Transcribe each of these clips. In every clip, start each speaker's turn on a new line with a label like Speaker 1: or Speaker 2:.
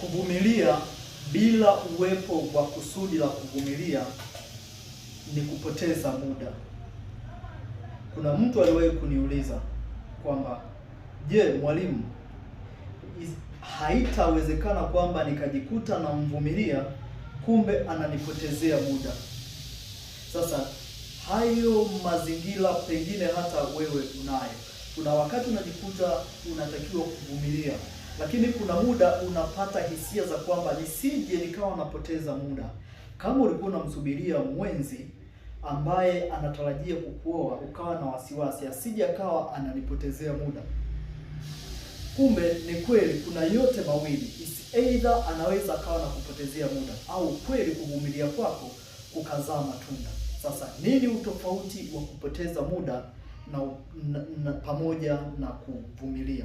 Speaker 1: Kuvumilia bila uwepo wa kusudi la kuvumilia ni kupoteza muda. Kuna mtu aliwahi kuniuliza kwamba je, mwalimu, haitawezekana kwamba nikajikuta namvumilia kumbe ananipotezea muda? Sasa hayo mazingira pengine hata wewe unayo. Kuna wakati unajikuta unatakiwa kuvumilia lakini kuna muda unapata hisia za kwamba nisije nikawa napoteza muda. Kama ulikuwa unamsubiria mwenzi ambaye anatarajia kukuoa ukawa na wasiwasi asije akawa ananipotezea muda, kumbe ni kweli kuna yote mawili, either anaweza akawa na kupotezea muda au kweli kuvumilia kwako kukazaa matunda. Sasa nini utofauti wa kupoteza muda na, na, na pamoja na kuvumilia?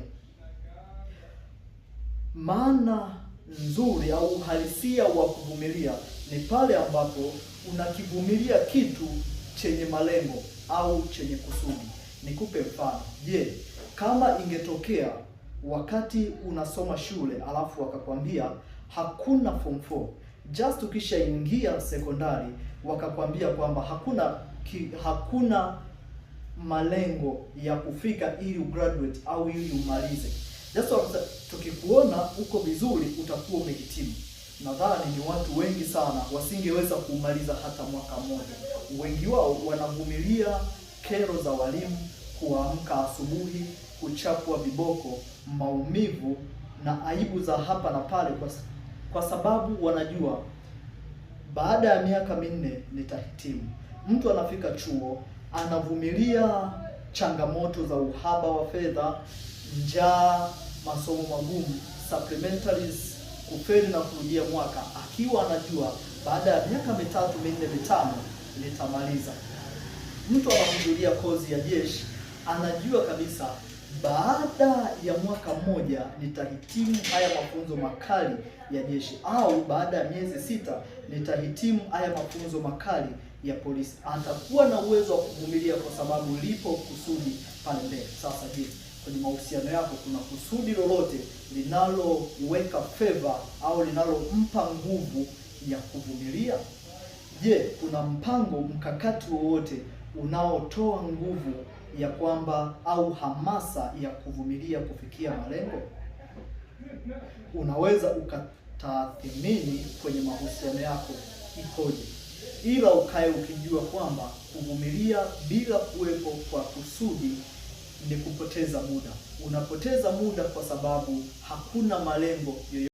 Speaker 1: Maana nzuri au uhalisia wa kuvumilia ni pale ambapo unakivumilia kitu chenye malengo au chenye kusudi. Nikupe mfano. Je, kama ingetokea wakati unasoma shule alafu wakakwambia hakuna form 4, just ukishaingia sekondari wakakwambia kwamba hakuna ki, hakuna malengo ya kufika ili ugraduate au ili umalize Yesu anasema tukikuona uko vizuri utakuwa umehitimu. Nadhani ni watu wengi sana wasingeweza kumaliza hata mwaka mmoja. Wengi wao wanavumilia kero za walimu, kuamka asubuhi, kuchapwa viboko, maumivu na aibu za hapa na pale, kwa, kwa sababu wanajua baada ya miaka minne nitahitimu. Mtu anafika chuo anavumilia changamoto za uhaba wa fedha, njaa, masomo magumu, supplementaries, kufeli na kurudia mwaka, akiwa anajua baada ya miaka mitatu minne mitano nitamaliza. Mtu anahudhuria kozi ya jeshi anajua kabisa baada ya mwaka mmoja nitahitimu haya mafunzo makali ya jeshi, au baada ya miezi sita nitahitimu haya mafunzo makali ya polisi, atakuwa na uwezo wa kuvumilia kwa sababu lipo kusudi pale mbele. Sasa je, kwenye mahusiano yako kuna kusudi lolote linaloweka feva au linalompa nguvu ya kuvumilia? Je, kuna mpango mkakati wowote unaotoa nguvu ya kwamba au hamasa ya kuvumilia kufikia malengo? Unaweza ukatathmini kwenye mahusiano yako ikoje? ila ukae ukijua kwamba kuvumilia bila kuwepo kwa kusudi ni kupoteza muda. Unapoteza muda kwa sababu hakuna malengo yoyote.